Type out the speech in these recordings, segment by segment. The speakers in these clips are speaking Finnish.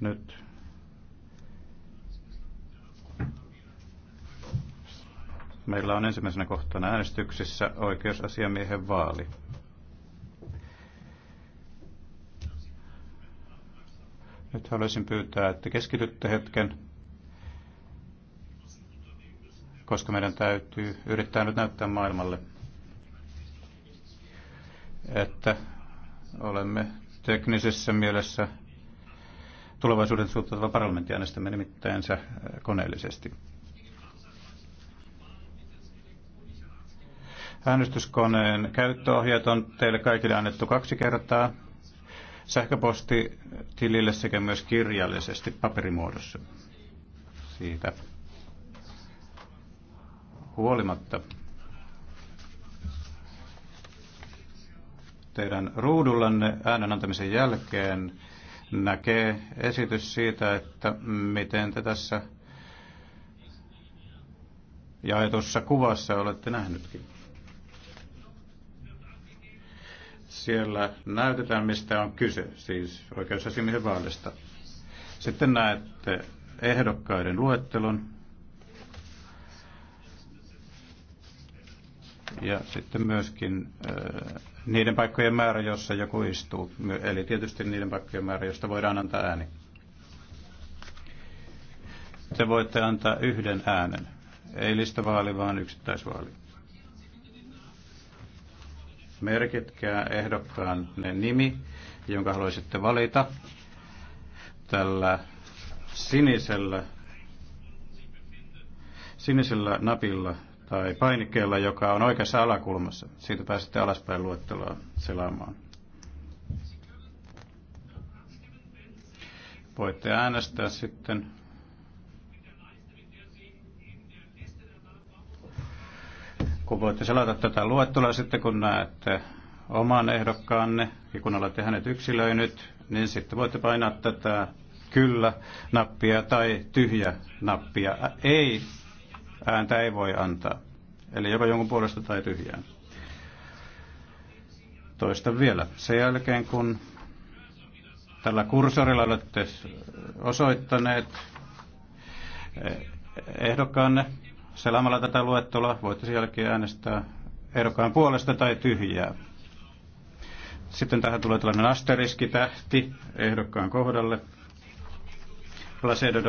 nyt meillä on ensimmäisenä kohtana äänestyksissä oikeusasiamiehen vaali. Nyt haluaisin pyytää, että keskitytte hetken, koska meidän täytyy yrittää nyt näyttää maailmalle, että olemme teknisessä mielessä tulevaisuuden suhtautuva parlamentti äänestämme nimittäinsä äh, koneellisesti. Äänestyskoneen käyttöohjeet on teille kaikille annettu kaksi kertaa sähköposti tilille sekä myös kirjallisesti paperimuodossa. Siitä huolimatta teidän ruudullanne äänen antamisen jälkeen näkee esitys siitä, että miten te tässä jaetussa kuvassa olette nähnytkin. Siellä näytetään, mistä on kyse, siis oikeusasiamiehen vaalista. Sitten näette ehdokkaiden luettelon, ja sitten myöskin äh, niiden paikkojen määrä, jossa joku istuu. Eli tietysti niiden paikkojen määrä, josta voidaan antaa ääni. Te voitte antaa yhden äänen. Ei listavaali, vaan yksittäisvaali. Merkitkää ehdokkaan ne nimi, jonka haluaisitte valita tällä sinisellä, sinisellä napilla tai painikkeella, joka on oikeassa alakulmassa. Siitä pääsette alaspäin luetteloa selaamaan. Voitte äänestää sitten kun voitte selata tätä luettelua sitten, kun näette oman ehdokkaanne ja kun olette hänet yksilöinyt, niin sitten voitte painaa tätä kyllä-nappia tai tyhjä-nappia. Ei ääntä ei voi antaa. Eli joko jonkun puolesta tai tyhjään. Toista vielä. Sen jälkeen kun tällä kursorilla olette osoittaneet eh, ehdokkaanne selamalla tätä luettelua, voitte sen jälkeen äänestää ehdokkaan puolesta tai tyhjää. Sitten tähän tulee tällainen asteriski tähti ehdokkaan kohdalle. Placedo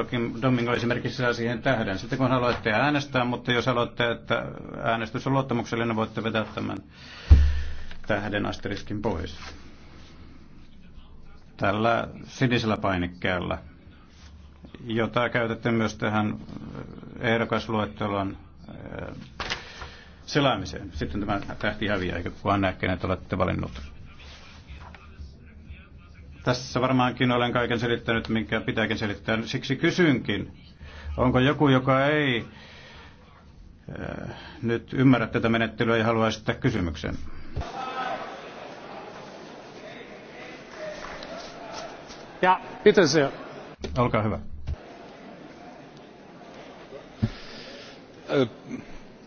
Domingo esimerkiksi saa siihen tähden. Sitten kun haluatte äänestää, mutta jos haluatte, että äänestys on luottamuksellinen, niin voitte vetää tämän tähden asteriskin pois. Tällä sinisellä painikkeella, jota käytätte myös tähän äh, ehdokasluettelon äh, selaamiseen. Sitten tämä tähti häviää, eikä kukaan näe, kenet olette valinnut. Tässä varmaankin olen kaiken selittänyt, minkä pitääkin selittää. Siksi kysynkin, onko joku, joka ei äh, nyt ymmärrä tätä menettelyä ja haluaa esittää kysymyksen. Ja, bitte sehr. Olkaa hyvä. Äh,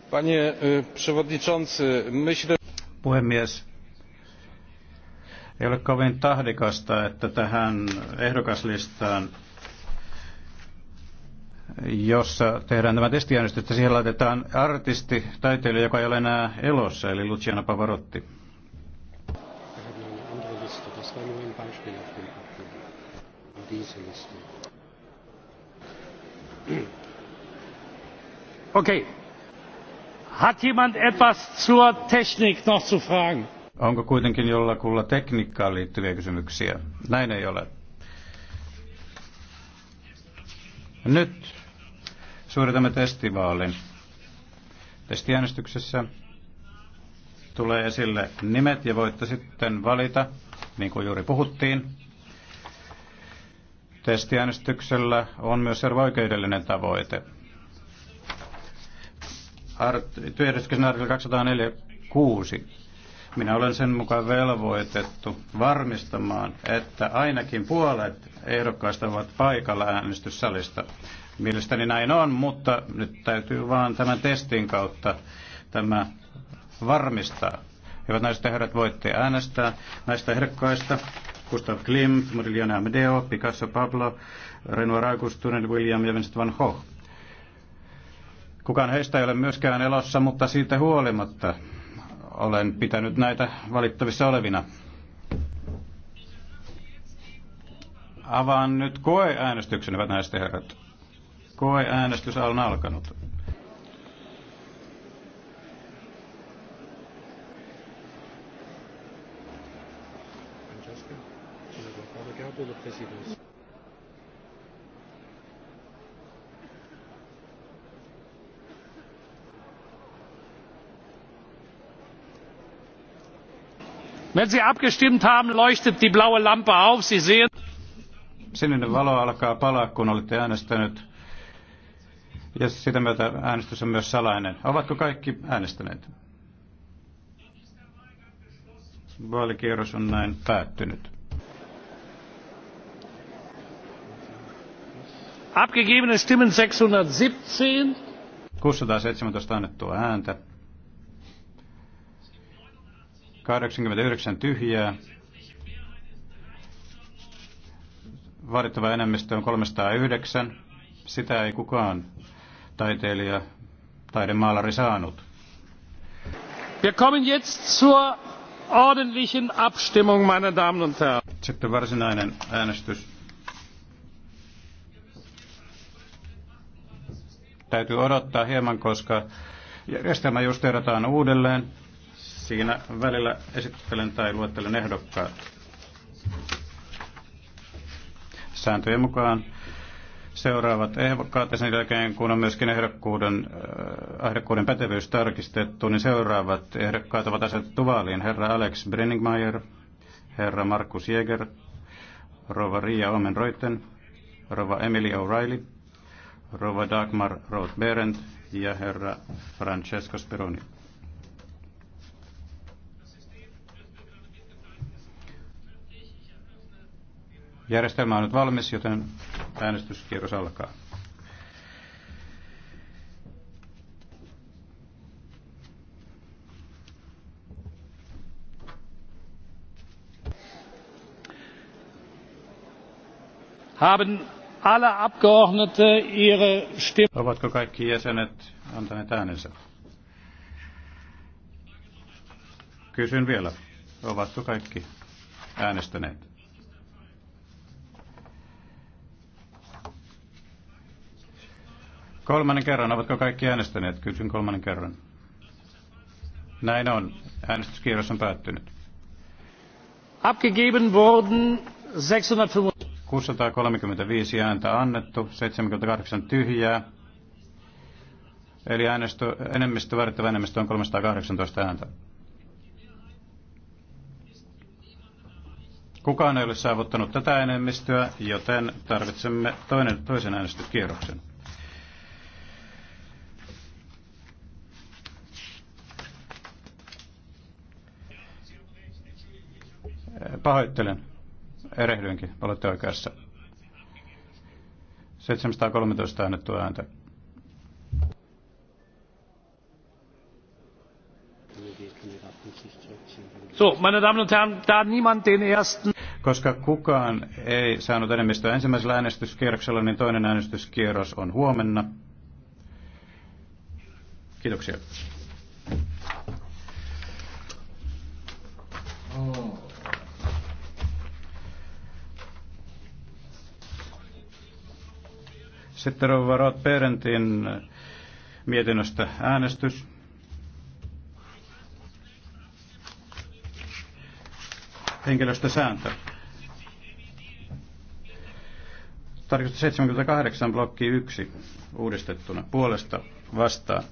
panie äh, przewodniczący, myślę... Puhemies, ei ole kovin tahdikasta, että tähän ehdokaslistaan, jossa tehdään tämä testiäänestys, että siihen laitetaan artisti, taiteilija, joka ei ole enää elossa, eli Luciana Pavarotti. Okay. Hat jemand etwas zur Technik noch zu fragen? Onko kuitenkin jollakulla tekniikkaan liittyviä kysymyksiä? Näin ei ole. Nyt suoritamme testivaalin. Testiäänestyksessä tulee esille nimet ja voitte sitten valita, niin kuin juuri puhuttiin. Testiäänestyksellä on myös selvä oikeudellinen tavoite. Art, työjärjestyksen artikla 246 minä olen sen mukaan velvoitettu varmistamaan, että ainakin puolet ehdokkaista ovat paikalla äänestyssalista. Mielestäni näin on, mutta nyt täytyy vaan tämän testin kautta tämä varmistaa. Hyvät naiset ja herrat, voitte äänestää näistä ehdokkaista. Gustav Klimt, Modiglione Amedeo, Picasso Pablo, Renoir Augustunen, William ja Vincent van Gogh. Kukaan heistä ei ole myöskään elossa, mutta siitä huolimatta olen pitänyt näitä valittavissa olevina. Avaan nyt koeäänestyksen, hyvät naiset ja herrat. Koeäänestys on alkanut. Francesca, ci devo fare capo la wenn sie abgestimmt haben leuchtet die blaue lampe auf sie sehen sininen valo alkaa palaa kun olette äänestänyt ja sitä myötä äänestys on myös salainen ovatko kaikki äänestäneet vaalikierros on näin päättynyt abgegebene stimmen 617 617 annettua ääntä 89 tyhjää. Vaadittava enemmistö on 309. Sitä ei kukaan taiteilija, taidemaalari saanut. Wir kommen jetzt zur ordentlichen Abstimmung, meine Damen und Herren. Sitten varsinainen äänestys. Täytyy odottaa hieman, koska järjestelmä justeerataan uudelleen. Siinä välillä esittelen tai luettelen ehdokkaat. Sääntöjen mukaan seuraavat ehdokkaat ja sen jälkeen kun on myöskin ehdokkuuden, äh, ehdokkuuden pätevyys tarkistettu, niin seuraavat ehdokkaat ovat asetettu vaaliin. Herra Alex Brenningmeier, herra Markus Jäger, rova Ria Omen-Reuten, rova Emily O'Reilly, rova Dagmar Roth-Berendt ja herra Francesco Speroni. Järjestelmä on nyt valmis, joten äänestyskierros alkaa. Haben alle Abgeordnete ihre Stimme? Ovatko kaikki jäsenet antaneet äänensä? Kysyn vielä, ovatko kaikki äänestäneet? Kolmannen kerran. Ovatko kaikki äänestäneet? Kysyn kolmannen kerran. Näin on. Äänestyskierros on päättynyt. Abgegeben wurden 635 ääntä annettu, 78 tyhjää. Eli äänestö, enemmistö, värittävä enemmistö on 318 ääntä. Kukaan ei ole saavuttanut tätä enemmistöä, joten tarvitsemme toinen, toisen äänestyskierroksen. Pahoittelen. Erehdyinkin. Olette oikeassa. 713 annettua ääntä. So, meine Damen und Herren, da niemand den ersten... Koska kukaan ei saanut enemmistöä ensimmäisellä äänestyskierroksella, niin toinen äänestyskierros on huomenna. Kiitoksia. Sitten varoit Perentin äh, mietinnöstä äänestys. Henkilöstösääntö. Tarkistus 78 blokki 1 uudistettuna puolesta vastaan.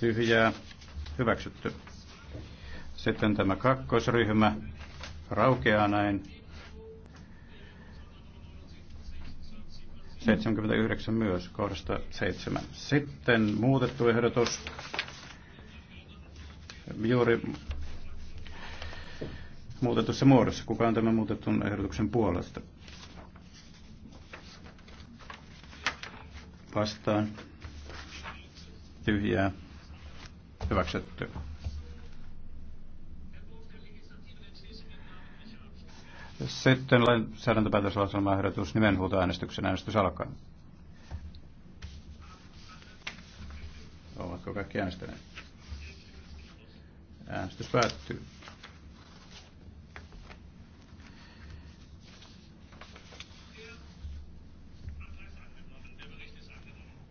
Tyhjää hyväksytty. Sitten tämä kakkosryhmä raukeaa näin. 79 myös, kohdasta 7. Sitten muutettu ehdotus juuri muutetussa muodossa. Kuka on tämän muutetun ehdotuksen puolesta? Vastaan. Tyhjää. Hyväksytty. Sitten lainsäädäntöpäätöslauselman ehdotus nimenhuutoäänestyksen äänestys alkaa. Ovatko kaikki äänestäneet? Äänestys päättyy.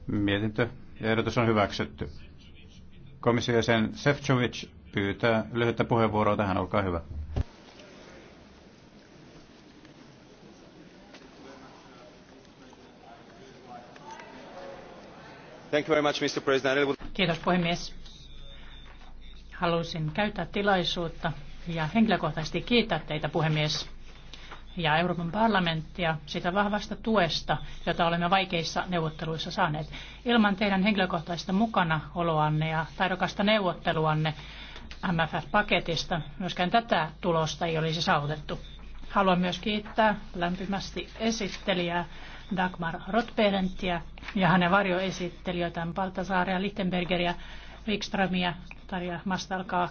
Mietintö ja ehdotus on hyväksytty. Komission jäsen Sefcovic pyytää lyhyttä puheenvuoroa tähän, olkaa hyvä. arvoisa Kiitos puhemies. Halusin käyttää tilaisuutta ja henkilökohtaisesti kiittää teitä puhemies ja Euroopan parlamenttia sitä vahvasta tuesta, jota olemme vaikeissa neuvotteluissa saaneet. Ilman teidän henkilökohtaista mukanaoloanne ja taidokasta neuvotteluanne MFF-paketista myöskään tätä tulosta ei olisi saavutettu. Haluan myös kiittää lämpimästi esittelijää Dagmar Rotberenttiä ja hänen varjoesittelijöitään Baltasaaria, Lichtenbergeria, Wikströmiä, Tarja Mastalkaa,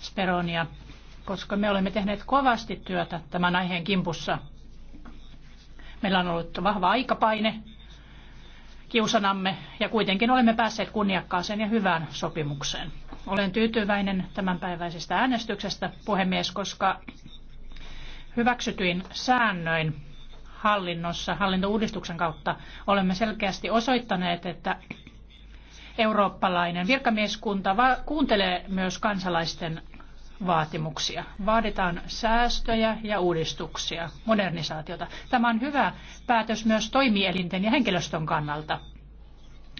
Speronia, koska me olemme tehneet kovasti työtä tämän aiheen kimpussa. Meillä on ollut vahva aikapaine kiusanamme ja kuitenkin olemme päässeet kunniakkaaseen ja hyvään sopimukseen. Olen tyytyväinen tämänpäiväisestä äänestyksestä, puhemies, koska hyväksytyin säännöin hallinnossa hallintouudistuksen kautta olemme selkeästi osoittaneet, että eurooppalainen virkamieskunta kuuntelee myös kansalaisten vaatimuksia. Vaaditaan säästöjä ja uudistuksia, modernisaatiota. Tämä on hyvä päätös myös toimielinten ja henkilöstön kannalta.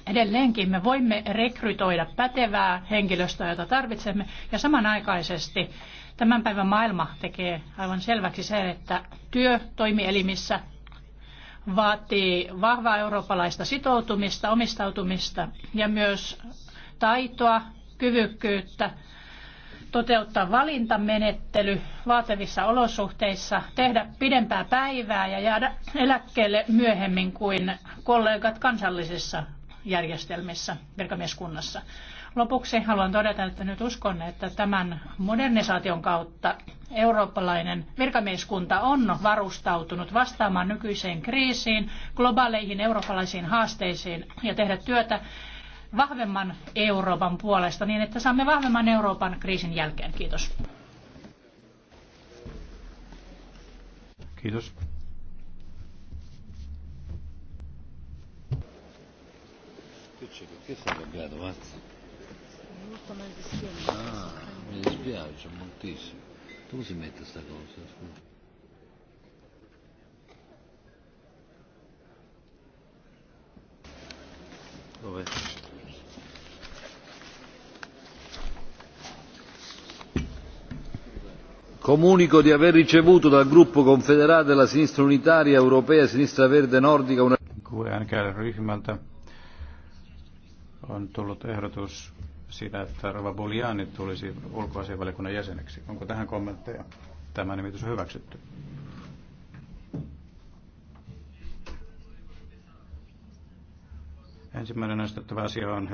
Edelleenkin me voimme rekrytoida pätevää henkilöstöä, jota tarvitsemme, ja samanaikaisesti tämän päivän maailma tekee aivan selväksi se, että työ toimielimissä vaatii vahvaa eurooppalaista sitoutumista, omistautumista ja myös taitoa, kyvykkyyttä toteuttaa valintamenettely vaativissa olosuhteissa, tehdä pidempää päivää ja jäädä eläkkeelle myöhemmin kuin kollegat kansallisissa järjestelmissä virkamieskunnassa. Lopuksi haluan todeta, että nyt uskon, että tämän modernisaation kautta eurooppalainen virkamieskunta on varustautunut vastaamaan nykyiseen kriisiin, globaaleihin eurooppalaisiin haasteisiin ja tehdä työtä vahvemman Euroopan puolesta niin, että saamme vahvemman Euroopan kriisin jälkeen. Kiitos. Kiitos. Köszönöm, Gádom, Ah, mi dispiace moltissimo. Dove si mette sta cosa? Dov'è? Comunico di aver ricevuto dal gruppo confederato della sinistra unitaria europea e sinistra verde nordica una... ryhmältä on tullut ehdotus sitä, että Rava Buliani tulisi ulkoasianvaliokunnan jäseneksi. Onko tähän kommentteja? Tämä nimitys on hyväksytty. Ensimmäinen näistä asia on